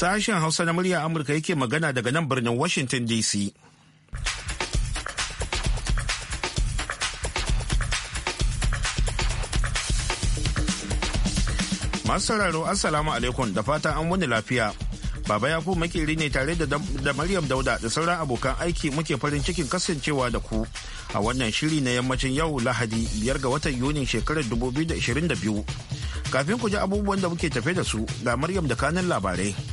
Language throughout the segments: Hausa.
Sashen Hausa na murya Amurka yake magana daga nan birnin Washington DC. Masu sauraro Assalamu alaikum da fata an wani lafiya. Baba ya ku makeri ne tare da Maryam Dauda da sauran abokan aiki muke farin cikin kasancewa da ku a wannan shiri na yammacin yau Lahadi biyar ga watan yuni shekarar 2022. Kafin ku ji abubuwan da muke tafe da su ga Maryam da kanin labarai.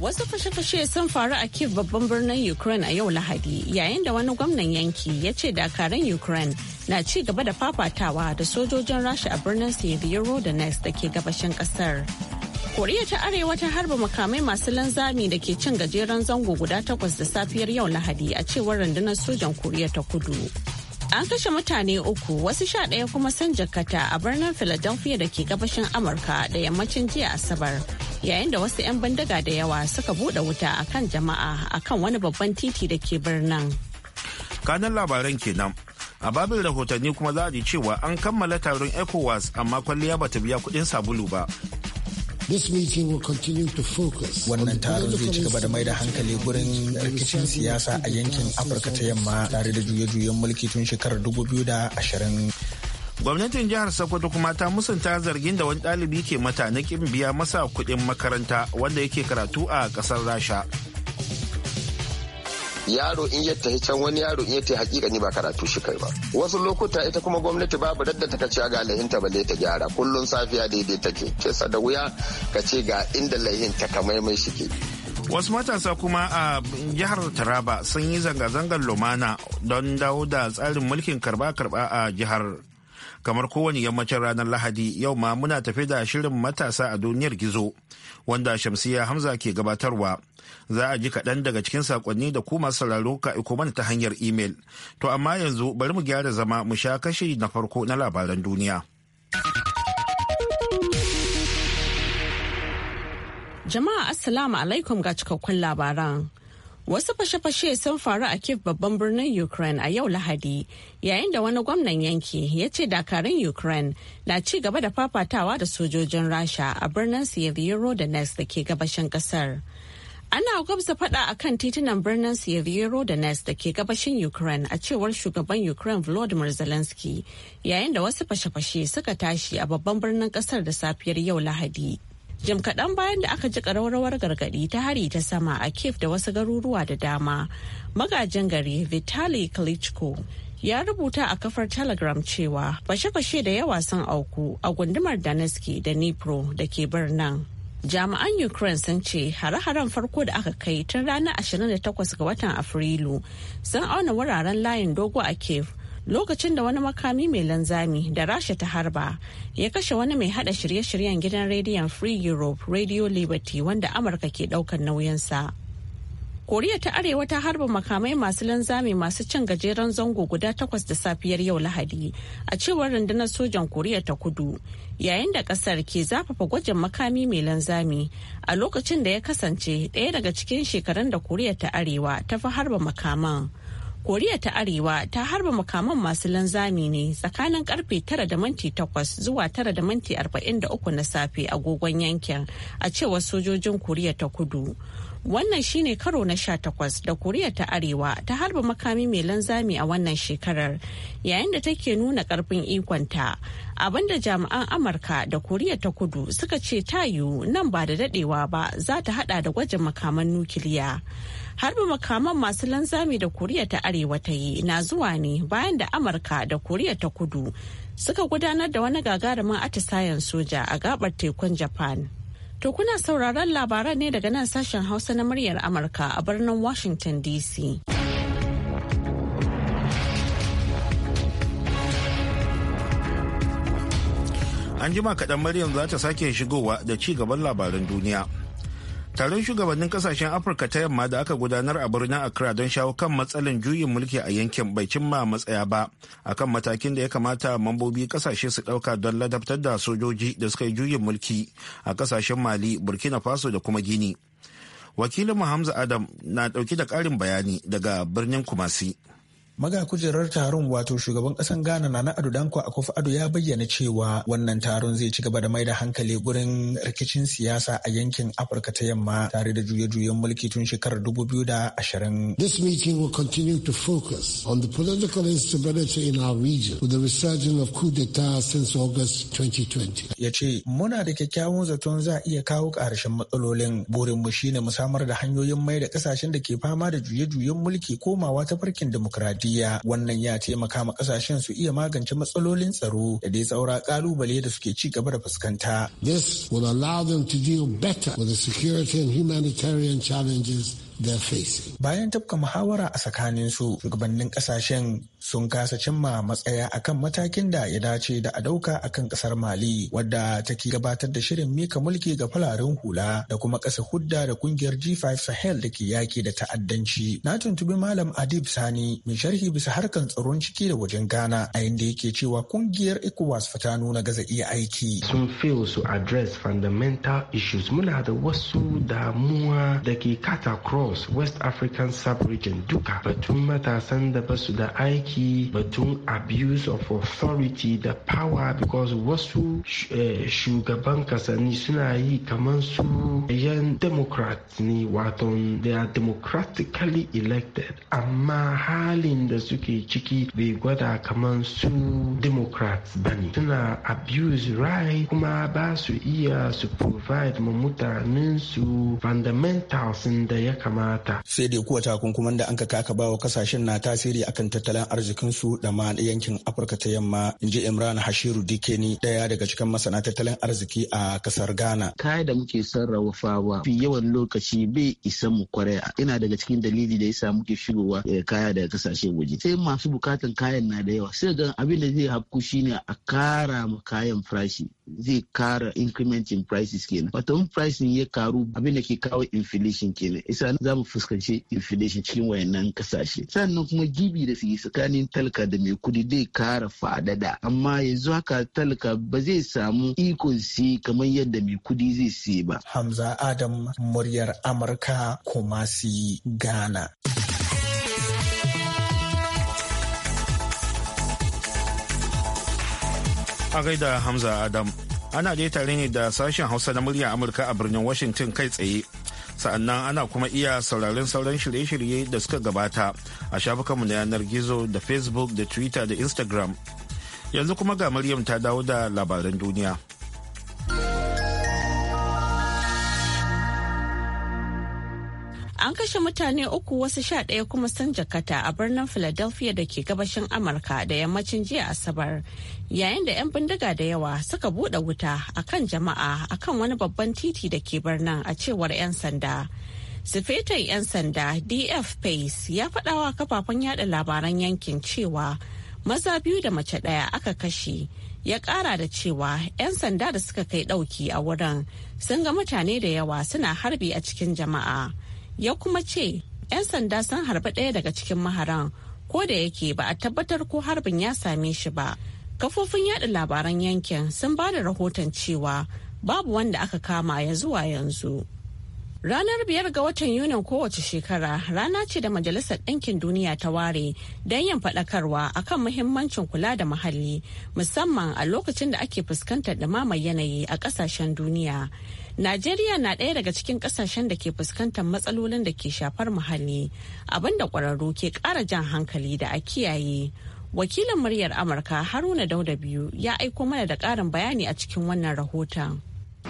Wasu fashe-fashe sun faru a Kiev babban birnin Ukraine a yau Lahadi yayin da wani gwamnan yanki ya ce dakarun Ukraine na ci gaba da fafatawa da sojojin Rasha a birnin Severodonetsk da da ke gabashin kasar. Koriya ta Arewa ta harba makamai masu linzami da ke cin gajeren zango guda takwas da safiyar yau Lahadi a cewar rundunar sojan Koriya ta Kudu. An kashe mutane uku wasu sha ɗaya kuma sun jakata a birnin Philadelphia da ke gabashin Amurka da yammacin jiya Asabar. yayin da wasu 'yan bandaga da yawa suka buɗe wuta a kan jama'a a kan wani babban titi da ke birnin. kanan labaran kenan a babin rahotanni kuma za a ji cewa an kammala taron ecowas amma kwalliya bata biya kuɗin sabulu ba Wannan taron zai ci gaba da mai da hankali gurin rikicin siyasa a yankin Afirka ta yamma tare da juye-juyen mulki tun shekarar 2020 gwamnatin jihar sokoto kuma ta musanta zargin da wani ɗalibi ke mata na ƙin biya masa kuɗin makaranta wanda yake karatu a ƙasar rasha yaro in ya tafi can wani yaro in ya tafi hakika ni ba karatu shi kai ba wasu lokuta ita kuma gwamnati babu dadda ta kace ga ba balle ta gyara kullun safiya daidai take kisa da wuya ka ce ga inda laihin ta maimai shi ke wasu matasa kuma a jihar taraba sun yi zanga-zangar lumana don dawo da tsarin mulkin karba-karba a jihar kamar kowane yammacin ranar lahadi yau ma muna tafe da shirin matasa a duniyar gizo wanda shamsiya hamza ke gabatarwa za a ji kaɗan daga cikin saƙonni da kuma sauraro ka iko mana ta hanyar imel to amma yanzu bari mu gyara zama mu sha kashi na farko na labaran duniya jama'a assalamu alaikum ga cikakkun labaran Wasu fashe-fashe sun faru a Kiev babban birnin Ukraine a yau Lahadi, yayin da wani gwamnan yanki ya ce dakarun Ukraine na ci gaba da fafatawa da sojojin Rasha a birnin Severodonetsk da ke gabashin kasar. Ana gwabza fada a kan titunan birnin Severodonetsk da ke gabashin Ukraine a cewar shugaban Ukraine Volodymyr Zelensky, yayin da wasu fashe-fashe suka tashi a babban birnin kasar da safiyar yau Lahadi. jim kaɗan bayan da aka ji ƙararrawar gargaɗi ta hari ta sama a kef da wasu garuruwa da dama magajin gari vitali klitschko ya rubuta a kafar telegram cewa fashe-fashe da yawa sun auku a gundumar daneski da nipro da ke birnin jami'an ukraine sun ce hare-haren farko da aka kai tun ranar 28 ga watan afrilu sun auna wuraren layin dogo a kiev lokacin da wani makami mai lanzami da rasha ta harba ya kashe wani mai hada shirye-shiryen gidan rediyon free europe radio liberty wanda amurka ke daukan nauyinsa koriya ta arewa ta harba makamai masu lanzami masu cin gajeren zango guda takwas da safiyar yau lahadi a cewar rundunar sojan koriya ta kudu yayin da kasar ke zafafa gwajin makami mai lanzami a lokacin da ya kasance daya daga cikin shekarun da koriya ta arewa ta fi harba makaman koriya ta arewa ta harba makaman masu linzami ne tsakanin karfe 9 da minti 8 zuwa 9 da minti 43 na safe agogon yankin a cewar sojojin koriya ta kudu Wannan shine karo na 18 da Koriya ta Arewa ta harba makami mai lanzami a wannan shekarar yayin da take nuna karfin ikonta. Abinda jami'an Amurka da Koriya ta Kudu suka ce ta yiwu nan ba da dadewa ba za ta hada da gwajin makaman nukiliya. harba makaman masu lanzami da koriya ta arewa ta yi na zuwa ne bayan da amurka da koriya ta kudu suka gudanar da wani gagarumin atisayen soja a gabar tekun japan To kuna sauraron labaran ne daga nan sashen Hausa na muryar Amurka a birnin Washington DC. An jima kaɗan Maryam za ta sake shigowa da ci gaban labaran duniya. taron shugabannin kasashen afirka ta yamma da aka gudanar a birnin accra don shawo kan matsalin juyin mulki a yankin bai cimma matsaya ba a kan matakin da ya kamata mambobi kasashe su dauka don ladabtar da sojoji da suka yi juyin mulki a kasashen mali burkina faso da kuma gini wakilin hamza adam na dauki da karin bayani daga birnin kumasi Maga kujerar taron wato shugaban kasan Ghana na Ado Danko Akufo Ado ya bayyana cewa wannan taron zai ci gaba da mai da hankali gurin rikicin siyasa a yankin Afirka ta Yamma tare da juye-juyen mulki tun shekarar 2020. This meeting will continue to focus on the political instability in our region with the resurgence of coup d'etat since August 2020. Ya ce muna da kyakkyawan zaton za iya kawo ƙarshen matsalolin burin mu shine mu samar da hanyoyin mai da kasashen da ke fama da juye-juyen mulki komawa ta farkin demokradiyya. biya wannan ya taimaka ma kasashen su iya magance matsalolin tsaro da dai saura kalubale da suke ci gaba da fuskanta. This will allow them to deal better with the security and humanitarian challenges facing. Bayan tafka muhawara a tsakanin su, shugabannin kasashen sun kasa cimma matsaya akan matakin da ya dace da a dauka akan kasar Mali wadda take gabatar da shirin mika mulki ga fararen hula da kuma kasa hudda da kungiyar G5 Sahel da ke yaki da ta'addanci. Na tuntubi Malam Adib Sani mai sharhi bisa harkan tsaron ciki da wajen Ghana a inda yake cewa kungiyar ECOWAS fa ta nuna gaza iya aiki. Sun fail su address fundamental issues. Muna da wasu damuwa da ke katakro north west african sub-region duka batun matasan da basu da aiki batun abuse of authority da power because wasu eh, shugaban kasani suna yi kaman su yan democrat ne wato they are democratically elected amma halin da suke ciki bai gwada kaman su democrats bane suna abuse right kuma ba su iya su provide ma mutanen su fundamentals da ya kamata kamata. Sai dai kuwa takunkuman da an ka kaka bawa kasashen na tasiri akan tattalin arzikin su da ma yankin Afirka ta yamma in ji Imran Hashiru Dikeni daya daga cikin masana tattalin arziki a kasar Ghana. Kaya da muke sarrafawa fi yawan lokaci bai isa mu kwarai ina daga cikin dalili da yasa muke shigowa eh, kaya daga kasashe waje. Sai masu bukatan kayan na da yawa sai ga abin da zai hafku shine a kara ma kayan farashi zai kara increment in prices kenan. Wato in pricing ya karu abin da ke kawo inflation kenan. Isa za mu fuskanci inflation cikin wayannan kasashe sannan kuma gibi da su yi tsakanin talaka da mai kudi zai kara fadada amma yanzu haka talaka ba zai samu ikon si kamar yadda mai kudi zai si ba hamza adam muryar amurka kuma si ghana a gaida hamza adam ana dai tare ne da sashen hausa na murya amurka a birnin washington kai tsaye sa'annan ana kuma iya sauraron sauran shirye-shirye da suka gabata a shafukanmu na yanar gizo da facebook da twitter da instagram yanzu kuma ga maryam ta dawo da labaran duniya. An kashe mutane uku wasu sha ɗaya kuma sun jakata a birnin Philadelphia da ke gabashin Amurka da yammacin jiya Asabar, yayin da 'yan bindiga da yawa suka buɗe wuta a kan jama'a a kan wani babban titi da ke birnin a cewar 'yan sanda. sifetan 'yan sanda DF Pace ya faɗawa kafafen yada labaran yankin cewa maza biyu da mace ɗaya aka kashe. ya kara da cewa 'yan sanda da suka kai dauki a wurin sun ga mutane da yawa suna harbi a cikin jama'a ya kuma ce 'yan sanda sun harbi ɗaya daga cikin maharan ko da yake ba a tabbatar ko harbin ya same shi ba kafofin yada labaran yankin sun ba da rahoton cewa babu wanda aka kama ya zuwa yanzu ranar biyar ga watan yunin kowace shekara rana ce da majalisar ɗinkin duniya ta ware don yin faɗakarwa akan muhimmancin kula da muhalli musamman a lokacin da ake fuskantar ɗumamar yanayi a ƙasashen duniya Najeriya na ɗaya daga cikin ƙasashen da ke fuskantar matsalolin da ke shafar muhalli abinda ƙwararru ke ƙara jan hankali da a kiyaye. Wakilin muryar Amurka Haruna Dauda biyu ya aiko mana da ƙarin bayani a cikin wannan rahoton.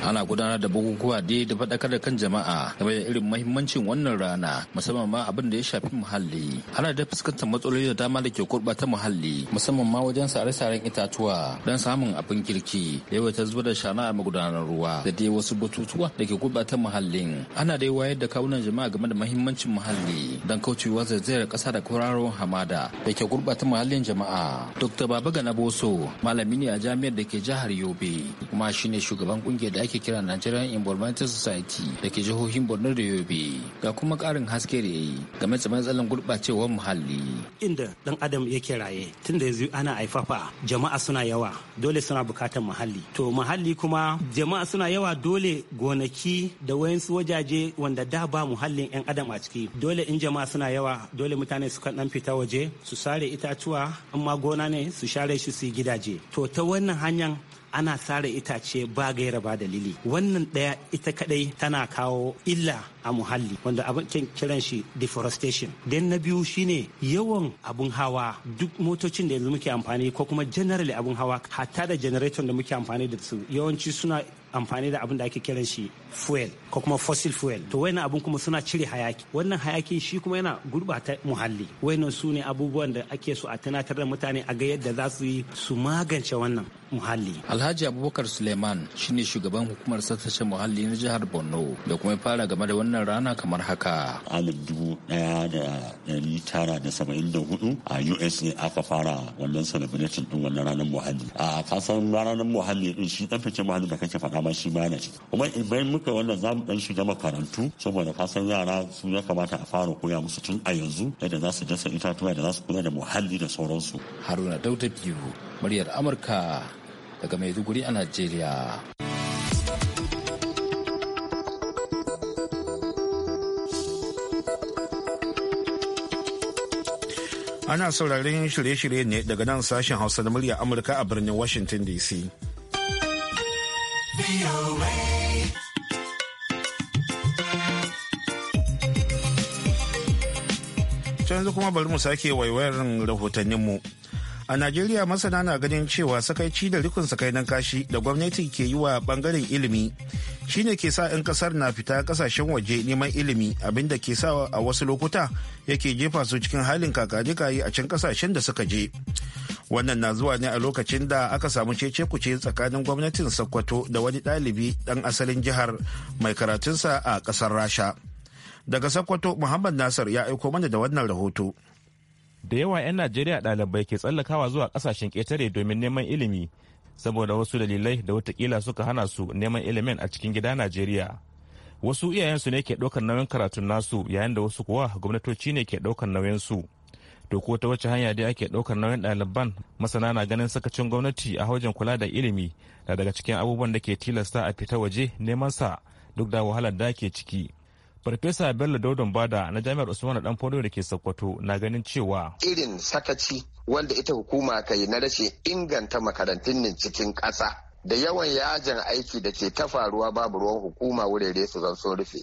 ana gudanar da bukukuwa dai da faɗakar da kan jama'a game da irin mahimmancin wannan rana musamman ma abin da ya shafi muhalli ana da fuskantar matsaloli da dama da ke gurɓata muhalli musamman ma wajen sare-saren itatuwa don samun abin kirki da ta zuba da shana a magudanar ruwa da dai wasu batutuwa da ke gurɓata muhallin ana da wayar da kawunan jama'a game da mahimmancin muhalli don kaucewa zaizayar ƙasa da kwararon hamada da ke gurɓata muhallin jama'a dr baba gana boso malami ne a jami'ar da ke jihar yobe kuma shine shugaban kungiyar ake kira Nigerian Environmental Society da ke jihohin Borno da Yobe ga kuma karin haske da yayi game da matsalan gurɓacewar muhalli. Inda dan Adam yake raye tunda yanzu ana aifafa jama'a suna yawa dole suna bukatar muhalli. To muhalli kuma jama'a suna yawa dole gonaki da wayansu wajaje wanda da ba muhallin 'yan Adam a ciki. Dole in jama'a suna yawa dole mutane su kan dan fita waje su sare itatuwa amma gona ne su share shi su gidaje. To ta wannan hanyar ana sare itace ba gaira ba dalili wannan ɗaya ita kadai tana kawo illa a muhalli wanda abin kiran shi deforestation den na biyu shine yawan abun hawa duk motocin da yanzu muke amfani ko kuma generally abun hawa hatta da generator da muke amfani da su yawanci suna amfani da abin da ake kiran shi fuel ko kuma fossil fuel to wayannan abun kuma suna cire hayaki wannan hayakin shi kuma yana gurbata muhalli wayannan su ne abubuwan da ake so a tunatar da mutane a ga yadda za su yi su magance wannan muhalli alhaji abubakar suleiman shine shugaban hukumar tsaftace muhalli na jihar borno da kuma fara game da wannan wannan rana kamar haka. Alif dubu ɗaya da ɗari tara da saba'in da hudu a USA aka fara wannan celebration ɗin wannan ranar muhalli. A kasan ranar muhalli ɗin shi ɗan fice muhalli da kake faɗa ma shi ma yana ciki. Kuma idan muka wannan za mu ɗan shiga makarantu saboda kasan yara su ya kamata a fara koya musu tun a yanzu yadda za su dasa itatuwa da za su kula da muhalli da sauransu. Haruna Dauda Biyu, muryar Amurka daga Maiduguri a Najeriya. Ana sauraron shirye-shirye ne daga nan sashen Hausa na murya Amurka a birnin Washington DC. yanzu kuma bari mu sake waiwayar mu. A Najeriya masana na ganin cewa sakaici da rikon sakainan kashi da gwamnati ke yi wa bangaren ilimi shine ke sa 'yan kasar na fita kasashen waje neman ilimi abinda ke sa a wasu lokuta yake jefa su cikin halin kakanikayi a can kasashen da suka je wannan na zuwa ne a lokacin da aka samu cece-kuce tsakanin gwamnatin sokoto da wani ɗalibi ɗan asalin jihar mai karatunsa a ƙasar rasha daga sokoto muhammad nasir ya aiko mana da wannan rahoto da yawa 'yan najeriya ɗalibai ke tsallakawa zuwa ƙasashen ƙetare domin neman ilimi saboda wasu dalilai da watakila suka hana su neman ilimin a cikin gida najeriya wasu iyayensu ne ke ɗaukar nauyin karatun nasu yayin da wasu kuwa gwamnatoci ne ke ɗaukar nauyin su to ko ta wace hanya dai ake ɗaukar nauyin ɗaliban masana na ganin sakacin gwamnati a wajen kula da ilimi na daga cikin abubuwan da ke tilasta a fita waje neman sa duk da wahalar da ke ciki Farfesa Bello Dodon Bada na Jami'ar Usman Dan Fodo da ke Sokoto na ganin cewa irin sakaci wanda ita hukuma ka yi na rashin inganta makarantun nan cikin ƙasa da yawan yajin aiki da ke ta faruwa babu ruwan hukuma wurare su zan sun rufe.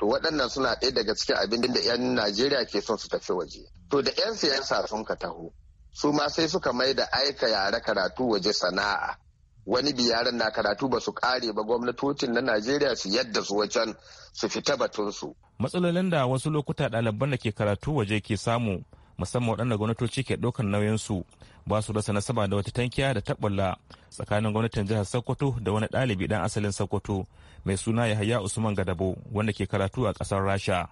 To waɗannan suna ɗaya daga cikin abin da 'yan Najeriya ke son su tafi waje. To da 'yan siyasa sun ka taho, su ma sai suka mai da aika yare karatu waje sana'a. wani biyaran na karatu ba su kare ba gwamnatocin na najeriya su yadda su wajen su fita batunsu matsalolin da wasu lokuta ɗaliban da ke karatu waje ke samu musamman waɗanda gwamnatoci ke ɗaukar nauyinsu ba su rasa nasaba da wata tankiya da taɓulla tsakanin gwamnatin jihar sokoto da wani ɗalibi ɗan asalin sokoto mai suna yahaya usman gadabo wanda ke karatu a ƙasar rasha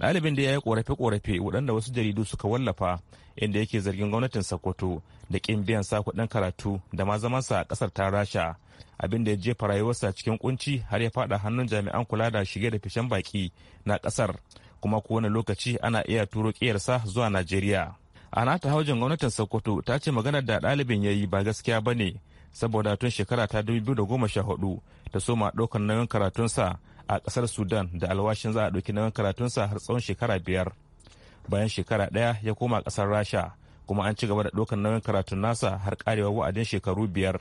ɗalibin da ya yi korafe-korafe waɗanda wasu jaridu suka wallafa inda yake zargin gwamnatin sokoto da ƙin biyan sa kuɗin karatu da ma zamansa a ƙasar ta rasha abin da ya jefa rayuwarsa cikin kunci har ya faɗa hannun jami'an kula da shige da fishen baki na ƙasar kuma ko wani lokaci ana iya turo ƙiyarsa zuwa najeriya a nata haujin gwamnatin sokoto ta ce maganar da ɗalibin ya yi ba gaskiya ba ne saboda tun shekara ta 2014 da soma ɗaukar nauyin karatunsa a kasar sudan da alwashin za a ɗauki nauyin karatunsa har tsawon shekara biyar bayan shekara ɗaya ya koma kasar rasha kuma an ci gaba da ɗaukar nauyin karatun nasa har ƙarewa wa'adin shekaru biyar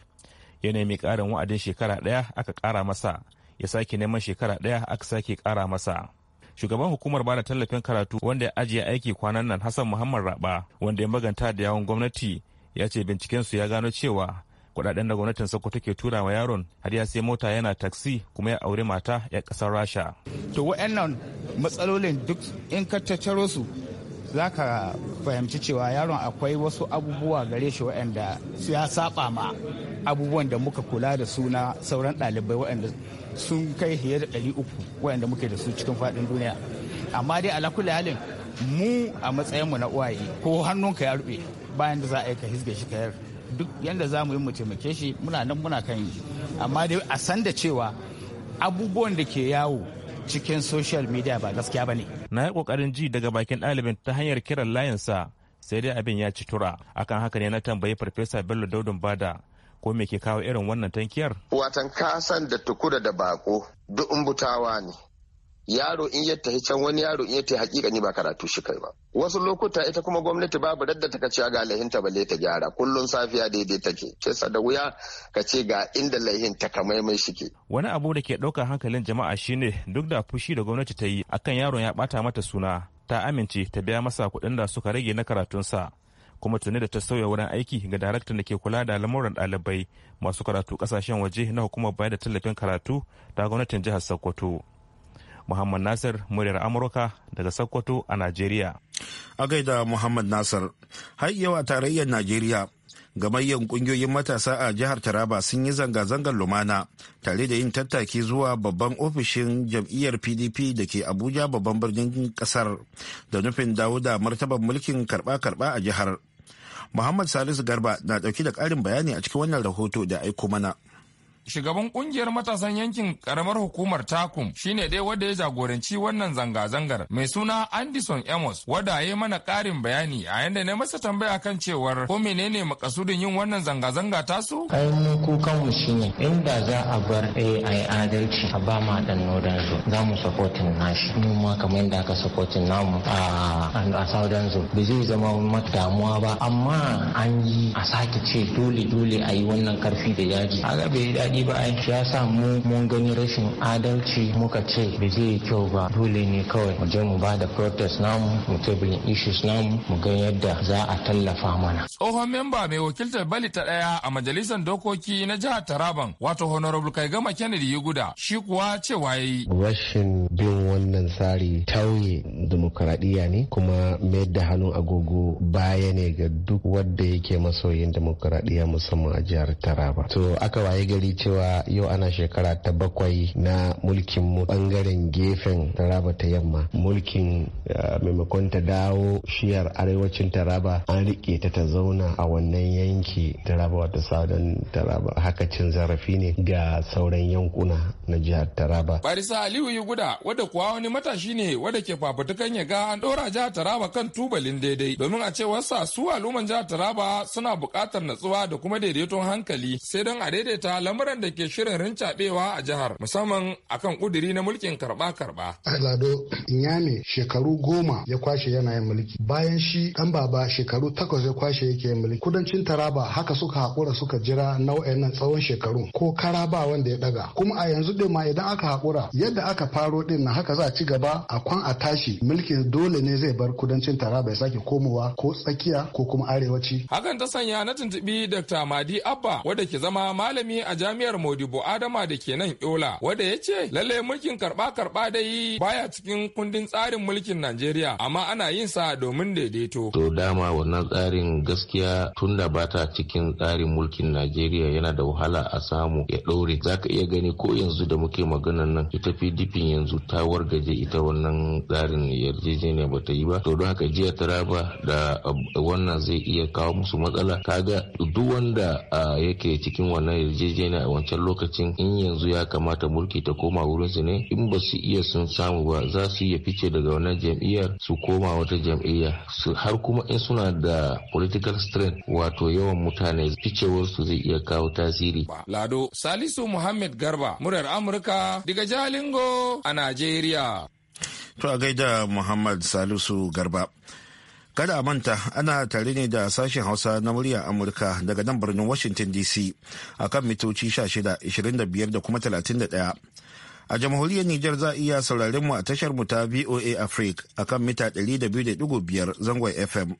ya nemi ƙarin wa'adin shekara ɗaya aka ƙara masa ya sake neman shekara ɗaya aka sake ƙara masa shugaban hukumar bada tallafin karatu wanda ya ajiye aiki kwanan nan hassan muhammad raba wanda ya maganta da yawon gwamnati ya ce bincikensu ya gano cewa kudaden da gwamnatin sokoto ke tura wa yaron har ya sai mota yana taksi kuma ya aure mata ya kasar rasha to wa'annan matsalolin duk in ka tattaro su za ka fahimci cewa yaron akwai wasu abubuwa gare shi waɗanda ya saba ma abubuwan da muka kula da su na sauran ɗalibai waɗanda sun kai fiye da ɗari uku waɗanda muke da su cikin faɗin duniya amma dai alakula halin mu a matsayinmu na uwaye ko hannunka ya rube bayan da za a yi ka hisge shi ka yar. duk yadda za mu yi mu taimake shi muna nan muna kan yi amma dai a san da cewa abubuwan da ke yawo cikin social media ba gaskiya ba ne. na yi kokarin ji daga bakin ɗalibin ta hanyar kiran layinsa sai dai abin ya ci tura akan haka ne na tambayi farfesa bello daudin bada ko me ke kawo irin wannan tankiyar? watan kasan da tukura da bako duk umbutawa ne yaro in ya tafi can wani yaro in ya tafi hakika ni ba karatu shi kai ba wasu lokuta ita kuma gwamnati babu dadda ta kace ga lahin ta bale ta gyara kullun safiya daidai take sai da wuya ka ce ga inda lahin ta ka kamaimai ke. wani abu da ke daukar hankalin jama'a shine duk da fushi da gwamnati ta yi akan yaron ya bata mata suna ta amince ta biya masa kuɗin da suka rage na karatunsa kuma tuni da ta sauya wurin aiki ga daraktan da ke kula da lamuran ɗalibai masu karatu ƙasashen waje na hukumar bayar da tallafin karatu ta gwamnatin jihar sokoto Muhammad Nasir muryar Amurka daga Sokoto a Najeriya. A gaida Muhammad Nasir, har yawa tarayyar Najeriya, gamayyar kungiyoyin matasa a jihar Taraba sun yi zanga-zangar lumana tare da yin tattaki zuwa babban ofishin jam'iyyar PDP da ke Abuja babban birnin kasar da nufin dawo da martabar mulkin karba-karba a jihar. Muhammad Salisu Garba na ɗauki da ƙarin bayani a cikin wannan rahoto da aiko mana. shugaban kungiyar matasan yankin karamar hukumar takum shine dai wanda ya jagoranci wannan zanga-zangar mai suna andison amos wanda ya mana karin bayani a yanda na masa tambaya kan cewar ko menene makasudin yin wannan zanga-zanga tasu ai mu kukan mu shine inda za a bar ai adalci a ba ma dan nodan zo za mu supportin nashi mu ma kamar inda aka supportin namu a saudan zo ba zai zama mata damuwa ba amma an yi a sake ce dole dole a yi wannan karfi da yaji a bai daɗi daɗi ba ai ya sa mu mun gani rashin adalci muka ce ba zai kyau ba dole ne kawai mu je mu ba da protest namu mu table issues namu mu ga yadda za a tallafa mana tsohon memba mai wakiltar bali ta ɗaya a majalisar dokoki na jihar Taraban wato Honorable gama Kennedy guda, shi kuwa cewa ya yi Rashin bin wannan tsari tauye dimokuraɗiyya ne kuma mayar da hannun agogo baya ne ga duk wanda yake masoyin dimokuraɗiyya musamman a jihar Taraba. To aka waye gari cewa yau ana shekara ta bakwai na mulkin mu bangaren gefen Taraba ta yamma. Mulkin eh, maimakon ta dawo shiyar arewacin Taraba an riƙe ta ta zama zauna a wannan yanki taraba wata sadan taraba haka cin zarafi ne ga sauran yankuna na jihar taraba barisa aliyu yi guda wadda kuwa wani matashi ne wadda ke fafutukan ya ga an dora jihar taraba kan tubalin daidai domin a cewar sa su al'umman jihar taraba suna bukatar natsuwa da kuma daidaiton hankali sai don a daidaita lamuran da ke shirin rincabewa a jihar musamman akan kuduri na mulkin karba-karba. alado Inyame shekaru goma ya kwashe yana mulki bayan shi ɗan baba shekaru takwas ya kwashe ke mulki kudancin taraba haka suka haƙura suka jira nau'in nan tsawon shekaru ko kara ba wanda ya daga kuma a yanzu din ma idan aka haƙura yadda aka faro din na haka za a ci gaba a kwan a tashi mulkin dole ne zai bar kudancin taraba ya sake komowa ko tsakiya ko kuma arewaci hakan ta sanya na tuntubi dr madi abba wanda ke zama malami a jami'ar modibo adama da ke nan yola wanda ya ce lalle mulkin karba karba dai baya cikin kundin tsarin mulkin najeriya amma ana yin sa domin daidaito to dama wannan tsarin gaskiya gaskiya tunda ba ta cikin tsarin mulkin najeriya yana da wahala a samu ya ɗaure za ka iya gani ko yanzu da muke maganan nan ita pdp yanzu ta wargaje ita wannan tsarin yarjejeniya ba ta yi ba to don haka jiya taraba da um, wannan zai iya kawo musu matsala kaga duk wanda yake cikin wannan yarjejeniya a wancan lokacin in yanzu ya kamata mulki ta koma wurin su ne in ba su iya sun samu ba za su iya fice daga wannan jam'iyyar su koma wata jam'iyya har kuma in suna da political strain wato yawan mutane ficewarsu zai iya kawo tasiri. Lado Salisu Muhammad Garba, muryar Amurka daga Jalingo a Najeriya. To a gaida Muhammad Salisu Garba. Kada a manta ana tare ne da sashen Hausa na muryar Amurka daga nan birnin Washington DC a kan mitoci 16, 25 da kuma 31. A jamhuriyar Nijar za a iya sauraren mu a tashar mu ta VOA Africa a kan mita 200.5 zangon FM.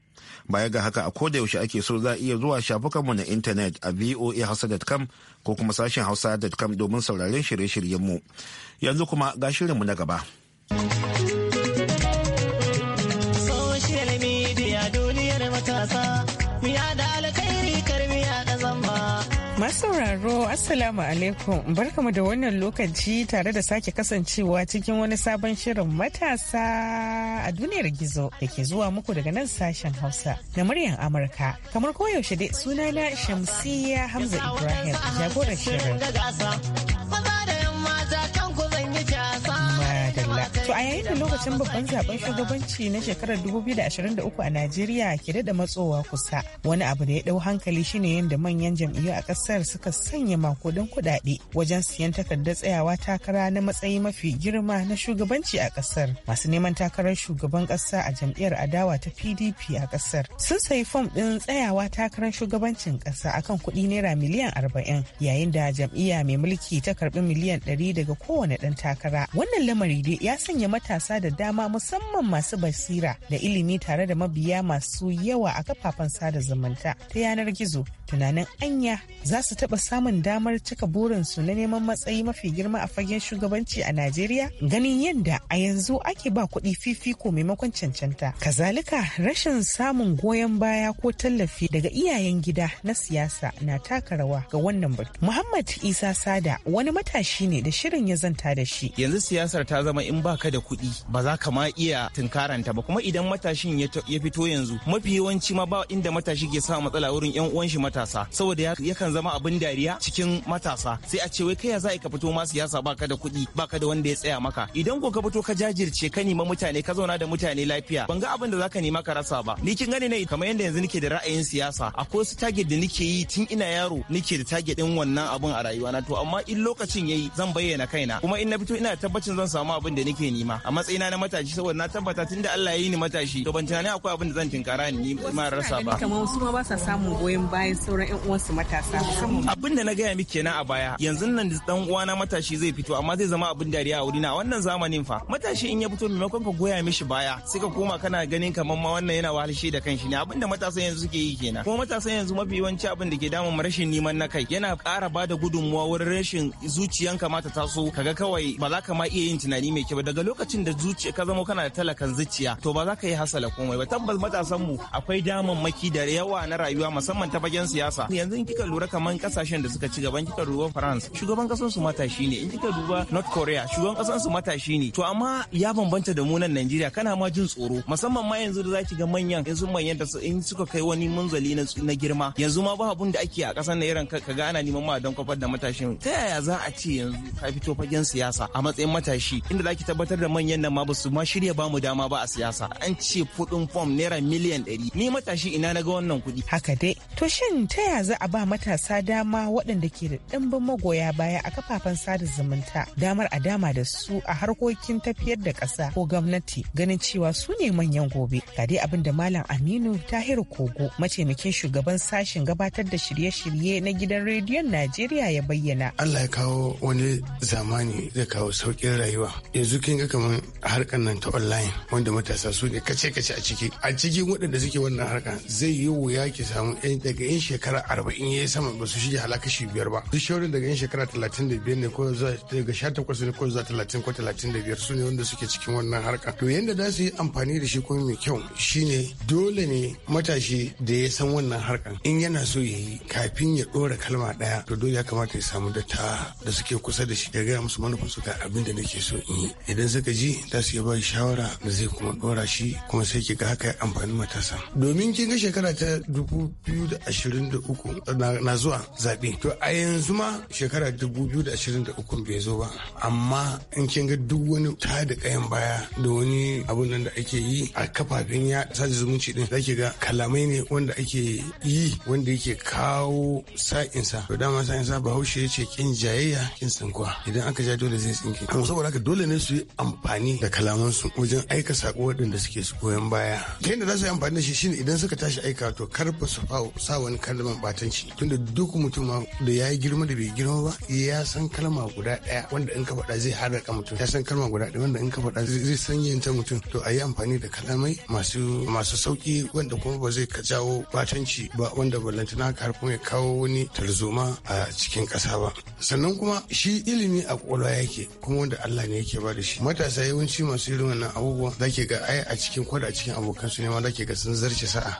Baya ga haka a koda yaushe ake so za a iya zuwa shafukan mu na intanet a voahausa.com ko kuma sashen hausa.com domin sauraren shirye-shiryen mu. Yanzu kuma ga shirinmu na gaba. Masauraro Assalamu alaikum barkamu da wannan lokaci tare da sake kasancewa cikin wani sabon shirin matasa a duniyar gizo da ke zuwa muku daga nan sashen Hausa na muryar Amurka. Kamar koyaushe dai sunana shamsiya Hamza Ibrahim jagorar shirin. a yayin da lokacin babban zaben shugabanci na shekarar 2023 a Najeriya ke da matsowa kusa. Wani abu da ya dau hankali shine yadda manyan jam'iyyu a ƙasar suka sanya makudan kuɗaɗe wajen siyan takardar tsayawa takara na matsayi mafi girma na shugabanci a ƙasar. Masu neman takarar shugaban ƙasa a jam'iyyar adawa ta PDP a ƙasar sun sayi fom ɗin tsayawa takarar shugabancin ƙasa akan kuɗi naira miliyan 40 yayin da jam'iyya mai mulki ta karɓi miliyan 100 daga kowane ɗan takara. Wannan lamari dai ya sanya sanya matasa da dama musamman masu basira da ilimi tare da mabiya masu yawa a kafafen sada zumunta ta yanar gizo tunanin anya za su taɓa samun damar cika burinsu na neman matsayi mafi girma a fagen shugabanci a Najeriya ganin yadda a yanzu ake ba kuɗi fifiko maimakon cancanta. Kazalika rashin samun goyon baya ko tallafi daga iyayen gida na siyasa na taka rawa ga wannan batu. Muhammad Isa Sada wani matashi ne da shirin ya zanta da shi. Yanzu siyasar ta zama in baka da kuɗi ba za ka ma iya tunkaranta ba kuma idan matashin ya fito yanzu mafi yawanci ma ba inda matashi ke sa matsala wurin 'yan uwan shi mata matasa saboda yakan zama abin dariya cikin matasa sai a ce wai kai ya za ka fito ma siyasa baka da kuɗi baka da wanda ya tsaya maka idan ko ka fito ka jajirce ka nima mutane ka zauna da mutane lafiya ban ga abin da zaka nema ka rasa ba ni kin gane ne kamar yadda yanzu nake da ra'ayin siyasa akwai su target da nake yi tun ina yaro nake da target din wannan abin a rayuwa na to amma in lokacin yayi zan bayyana kaina kuma in na fito ina tabbacin zan samu abin da nake nema a matsayina na matashi saboda na tabbata tun Allah ya yi ni matashi to ban tunani akwai abin da zan tinkara ni ma rasa ba kamar wasu ma ba sa samun goyon bayan sauran yan uwansu matasa musamman abin da na gaya miki kenan a baya yanzu nan dan uwana matashi zai fito amma zai zama abin dariya a wurina wannan zamanin fa matashi in ya fito maimakon ka goya mishi baya sai ka koma kana ganin kamar ma wannan yana wahalshe da kanshi ne abin da matasan yanzu suke yi kenan kuma matasan yanzu mafi yawanci abin da ke damun rashin neman na kai yana ƙara bada gudunmuwa wurin rashin zuciyan kamata taso kaga kawai ba za ka ma iya yin tunani mai kyau daga lokacin da zuciya ka zama kana da talakan zuciya to ba za ka yi hasala komai ba tabbas matasan mu akwai damammaki da yawa na rayuwa musamman ta fagen siyasa yanzu in kika lura kamar kasashen da suka ci gaban kika duba France shugaban kasan su matashi ne in kika duba North Korea shugaban kasan su matashi ne to amma ya bambanta da mu nan Najeriya kana ma jin tsoro musamman ma yanzu da zaki ga manyan yanzu manyan da in suka kai wani munzali na girma yanzu ma ba abun da ake a kasan irin ka ga ana neman ma don kwafar da matashin ta yaya za a ce yanzu ka fito fagen siyasa a matsayin matashi inda zaki tabbatar da manyan nan ma ba su ma shirya ba mu dama ba a siyasa an ce kudin fom naira miliyan 100 ni matashi ina na ga wannan kudi haka dai to shin ta ya za a ba matasa dama waɗanda ke da ɗimbin magoya baya a kafafen sada zumunta damar a dama da su a harkokin tafiyar da ƙasa ko gwamnati ganin cewa su ne manyan gobe ga dai abin da malam aminu tahir kogo mataimakin shugaban sashen gabatar da shirye-shirye na gidan rediyon najeriya ya bayyana allah ya kawo wani zamani zai kawo sauƙin rayuwa yanzu kin ga kamar harkar nan ta online wanda matasa su ne kace-kace a ciki a cikin waɗanda suke wannan harka zai yi wuya ki samu daga 'yan shekara arba'in ya yi sama ba su shige halaka shi biyar ba duk shaurin daga yin shekara talatin da biyar ne ko daga sha takwas ne ko zuwa talatin ko talatin da biyar su ne wanda suke cikin wannan harka to yadda za su yi amfani da shi kuma mai kyau shine dole ne matashi da ya san wannan harkan in yana so ya yi kafin ya ɗora kalma ɗaya to dole ya kamata ya samu datta da suke kusa da shi ya gaya musu manufan su ga abin da nake so in yi idan suka ji za su yi ba shawara da zai kuma ɗora shi kuma sai ki ga haka amfani matasa domin kin ga shekara ta dubu biyu da ashirin 2023 na zuwa zaɓe. To a yanzu ma shekara 2023 bai zo ba. Amma in kin ga duk wani ta da kayan baya da wani abun nan da ake yi a kafafen ya sada zumunci din zaki ga kalamai ne wanda ake yi wanda yake kawo sa'insa. To dama sa'insa bahaushe ya ce kin jayayya kin sankuwa. idan aka ja dole zai tsinke. Amma saboda haka dole ne su yi amfani da kalamansu wajen aika sako waɗanda suke su goyon baya. Ta yadda za su yi amfani da shi shine idan suka tashi aika to karfa su sa wani kan kalmar batanci tunda duk mutum da ya yi girma da bai girma ba ya san kalma guda ɗaya wanda in ka faɗa zai haraka mutum ya san kalma guda ɗaya wanda in ka faɗa zai sanyanta mutum to a yi amfani da kalamai masu masu sauki wanda kuma ba zai ka jawo batanci ba wanda ballantana ka har kuma ya kawo wani tarzoma a cikin ƙasa ba sannan kuma shi ilimi a ƙwaƙwalwa yake kuma wanda Allah ne yake ba da shi matasa yawanci masu irin wannan abubuwan zake ga ai a cikin kwada a cikin abokan su ne ma zake ga sun zarce sa'a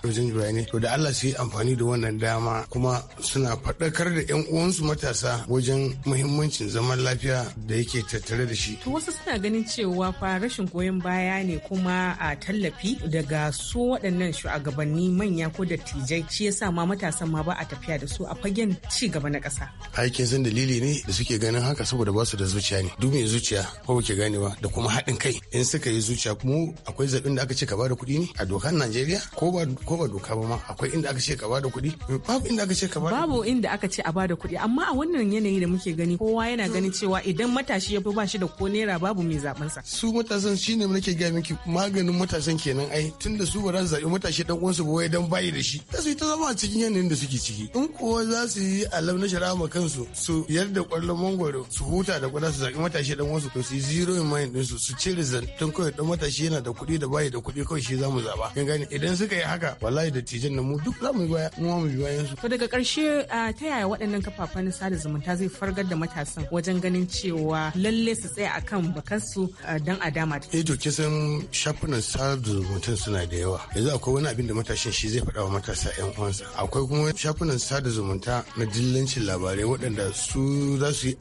to da Allah su yi amfani da wannan dama kuma suna faɗakar da 'yan uwansu matasa wajen muhimmancin zaman lafiya da yake tattare da shi. To wasu suna ganin cewa fa rashin goyon baya ne kuma a tallafi daga su waɗannan shugabanni manya ko dattijai shi yasa ma matasan ma ba a tafiya da su a fagen ci gaba na ƙasa. Aikin san dalili ne da suke ganin haka saboda ba su da zuciya ne. Duk mai zuciya ko ke ganewa da kuma haɗin kai in suka yi zuciya kuma akwai zaɓin da aka ce ka bada kuɗi ne a dokar Najeriya ko ba doka ba ma akwai inda aka ce ka ba da kuɗi babu inda aka ce ka bada babu inda aka ce a bada kuɗi amma a wannan yanayi da muke gani kowa yana ganin cewa idan matashi ya fi ba shi da ko naira babu mai zaben sa su matasan shine nake ga miki maganin matasan kenan ai tunda su ba za su zabi matashi dan uwansu ba wai dan bayi da shi ta su ta zama a cikin yanayin da suke ciki in kowa za su yi alam na shari'a ma kansu su yarda kwallon mangoro su huta da kwallon su zabi matashi dan uwansu to su yi zero in mind din su su cire tun kawai dan matashi yana da kuɗi da bayi da kuɗi kawai shi zamu zaba kin gani idan suka yi haka wallahi da tijin nan mu duk zamu yi baya mu mu goyi su. To daga ƙarshe ta yaya waɗannan kafafen sada zumunta zai fargar da matasan wajen ganin cewa lalle su tsaya a kan bakansu don a dama. Eh to kisan shafunan sada zumunta suna da yawa. Yanzu akwai wani abin da matashin shi zai faɗa wa matasa 'yan uwansa. Akwai kuma shafunan sada zumunta na dillancin labarai waɗanda su za su yi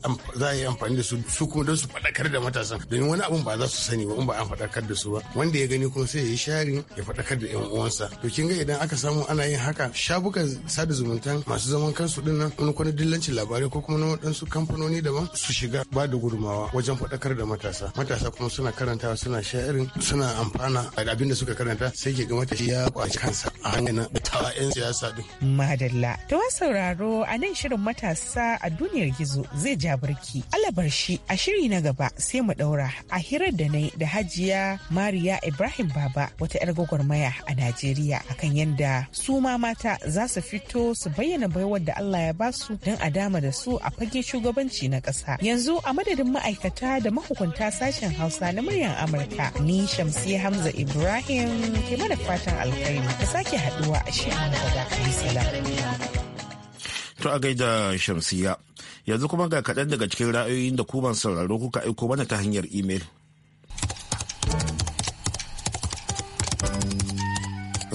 amfani da su su kuma don su faɗakar da matasan. Domin wani abun ba za su sani ba in ba an faɗakar da su ba. Wanda ya gani kuma sai ya yi sharing ya faɗakar da 'yan uwansa. To kin ga idan aka samu ana yin haka shafukan sada zumunta masu zaman kansu din nan wani kwanan dillancin labarai ko kuma na waɗansu kamfanoni daban su shiga ba da gudumawa wajen faɗakar da matasa matasa kuma suna karanta suna sha'irin suna amfana da abin da suka karanta sai ke ga matashi ya kwaci kansa a hanyar na tawa 'yan siyasa din. madalla to sauraro a nan shirin matasa a duniyar gizo zai ja barki. allah barshi. a shiri na gaba sai mu daura. a hirar da na da hajiya mariya ibrahim baba wata 'yar gwagwarmaya a najeriya akan yadda su ma mata za su fi fito su bayyana baiwar da Allah ya ba su don a dama da su a fage shugabanci na ƙasa. Yanzu a madadin ma'aikata da mahukunta sashen Hausa na muryar Amurka ni Shamsi Hamza Ibrahim ke mana fatan alkhairi ta sake haduwa a shi gaba. To a gaida Shamsiya yanzu kuma ga kaɗan daga cikin ra'ayoyin da kuma sauraro kuka aiko mana ta hanyar imel.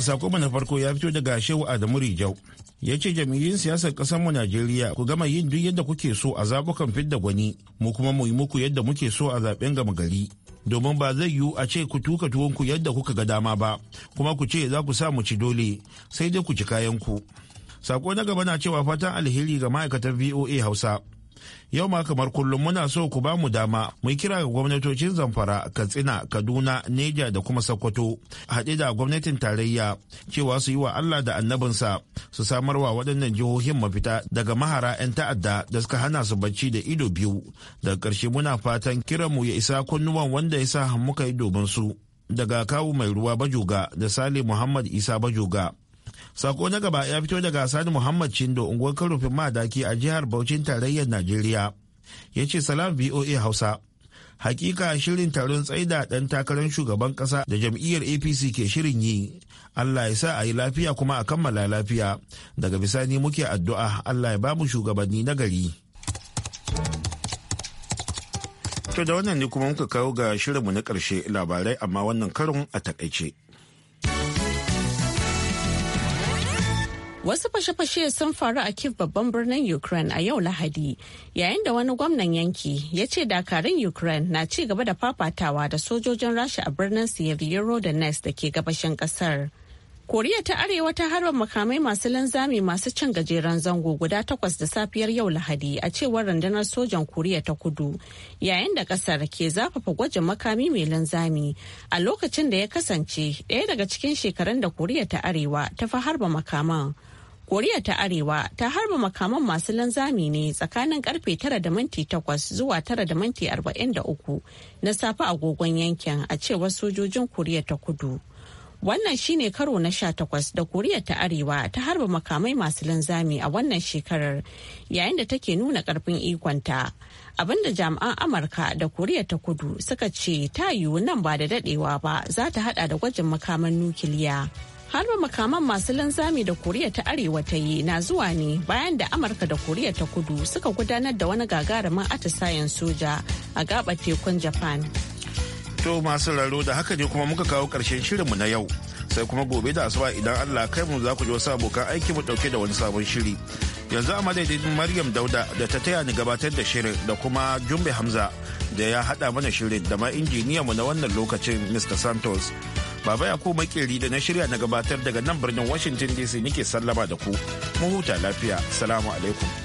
Sakonmu na farko ya fito daga Shehu Adamu Rijau. Ya ce jam'iyyun siyasar mu Najeriya ku gama yin duk yadda kuke so a zabukan fidda gwani, mu kuma mu yi muku yadda muke so a zaben gama gari. Domin ba zai yiwu a ce ku tuka tuwonku yadda kuka ga dama ba, kuma ku ce za ku sa mu ci dole, sai dai ku ci ku Sako na gaba na cewa fatan alheri ga ma'aikatan VOA Hausa. Yau ma kamar kullum muna so ku ba mu dama mu kira ga gwamnatocin Zamfara, Katsina, Kaduna, Neja da kuma Sokoto haɗe da gwamnatin tarayya cewa su yi wa Allah da annabinsa su samarwa waɗannan jihohin mafita daga mahara 'yan ta'adda da suka hana su bacci da ido biyu. Daga ƙarshe muna fatan kiran mu ya isa kunnuwan wanda ya sa muka yi domin su. daga kawu mai ruwa bajoga da sale muhammad isa bajoga Sako na gaba ya fito daga Sani Muhammad Chindo unguwar rufin madaki a jihar Bauchin tarayyar Najeriya. Ya ce salam VOA Hausa. Hakika shirin taron tsaida ɗan takarar shugaban ƙasa da jam'iyyar APC ke shirin yi. Allah ya sa a yi lafiya kuma a kammala lafiya. Daga bisani muke addu'a Allah ya bamu shugabanni na gari. To da wannan ne kuma muka kawo ga shirinmu na karshe labarai amma wannan karon a takaice. Wasu fashe-fashe sun faru a Kiev babban birnin Ukraine a yau Lahadi, yayin da wani gwamnan yanki ya ce dakarun Ukraine na ci gaba da fafatawa da sojojin Rasha a birnin Severodonetsk da da ke gabashin kasar. Koriya ta Arewa ta harba makamai masu linzami masu cin gajeren zango guda takwas da safiyar yau Lahadi a cewar rundunar sojan Koriya ta Kudu, yayin da kasar ke zafafa gwajin makami mai linzami a lokacin da ya kasance ɗaya daga cikin shekarun da Koriya ta Arewa ta fi harba makaman. koriya ta arewa ta harba makaman masu linzami ne tsakanin karfe 9 da minti 8 zuwa 9 da minti 43 na safe agogon yankin a cewar sojojin koriya ta kudu wannan shine karo na 18 da koriya ta arewa ta harba makamai masu linzami a wannan shekarar yayin da take nuna karfin ikonta abinda jami'an amurka da koriya ta kudu suka ce ta yiwu nan ba da dadewa ba za ta hada da gwajin makaman nukiliya. harba makaman masu linzami da koriya ta arewa ta yi na zuwa ne bayan da amurka da koriya ta kudu suka gudanar da wani gagarumin atisayen soja a gabar tekun japan to masu raro da haka ne kuma muka kawo karshen shirinmu na yau sai kuma gobe da asuba idan allah kai mu za ku ji wasu abokan aiki mu dauke da wani sabon shiri yanzu a madadin maryam dauda da ta taya ni gabatar da shirin da kuma jumbe hamza da ya hada mana shirin da ma injiniyanmu na wannan lokacin mr santos Baba ya ko makeri da na shirya na gabatar daga nan birnin Washington DC nake sallama da ku. Mu huta lafiya. Salamu alaikum.